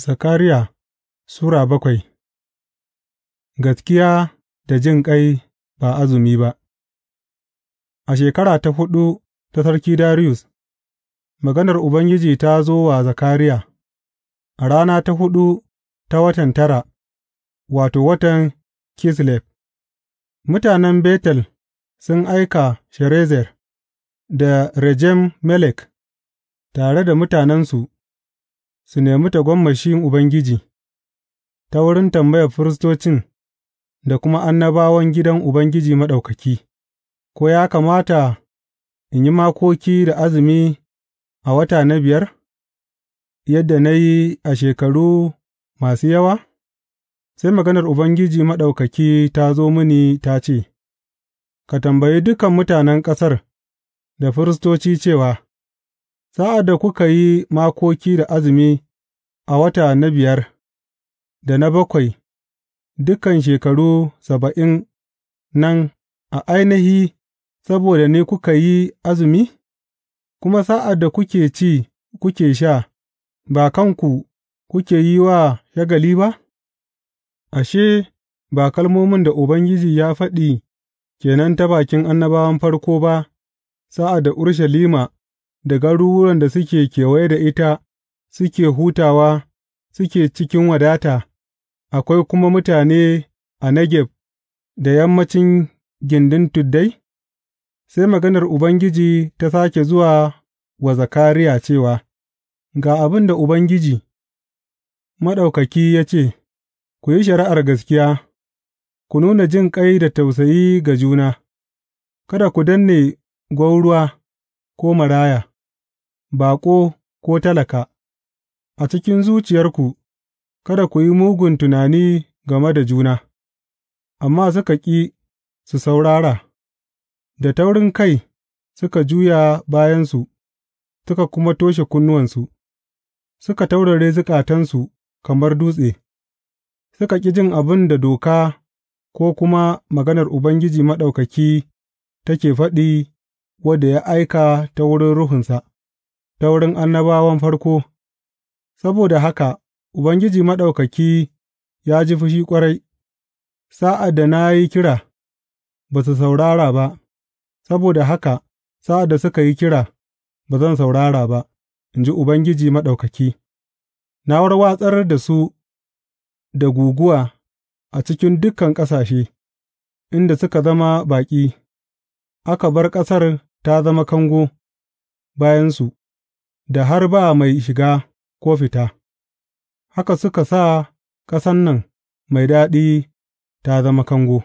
Zakariya Sura bakwai Gaskiya da jin ƙai ba azumi ba A shekara ta huɗu ta Sarki Darius, maganar Ubangiji ta zo wa Zakariya, a rana ta huɗu ta watan tara, wato, watan Kislev, mutanen Betel sun aika sherezer da Rejem Melek tare da mutanensu. su nemi tagomashin Ubangiji, ta wurin tambayar firistocin da kuma annabawan gidan Ubangiji Maɗaukaki, ko ya kamata in yi makoki da azumi a wata na biyar, yadda na yi a shekaru masu yawa? Sai maganar Ubangiji Maɗaukaki ta zo mini ta ce, Ka tambayi dukan mutanen ƙasar da firistoci cewa, Sa'ad da kuka yi makoki da azumi a wata na biyar, da na bakwai, dukan shekaru saba'in nan a ainihi saboda ne kuka yi azumi, kuma sa'ad da kuke ci kuke sha, ba kanku kuke yi wa shagali ba, ashe, ba kalmomin da Ubangiji ya faɗi kenan ta bakin annabawan farko ba sa'ad da Urushalima. da garuruwan da suke kewaye da ita suke hutawa suke cikin wadata, akwai kuma mutane a Negeb da yammacin gindin tuddai? Sai maganar Ubangiji ta sake zuwa wa Zakariya cewa, Ga abin da Ubangiji Maɗaukaki ya ce, Ku yi shari'ar gaskiya, ku nuna jin ƙai da tausayi ga juna, kada ku danne gwauruwa ko maraya. baƙo ko talaka, a cikin zuciyarku kada ku yi mugun tunani game da juna, amma suka ƙi su saurara, da taurin kai suka juya bayansu suka kuma toshe kunnuwansu, suka taurare zukatansu kamar dutse, suka ƙi jin abin da doka ko kuma maganar Ubangiji Maɗaukaki take faɗi wadda ya aika ta wurin Ruhunsa. ta wurin annabawan farko, saboda haka Ubangiji Maɗaukaki ya ji fushi ƙwarai, sa'ad da na yi kira, ba su saurara ba, saboda haka sa'ad da suka yi kira, ba zan saurara ba, in ji Ubangiji Maɗaukaki, na warwatsar da su da guguwa a cikin dukan ƙasashe, inda suka zama baƙi, aka bar ƙasar ta zama kango bayansu. da har ba mai shiga ko fita, haka suka sa ƙasan nan mai daɗi ta zama kango.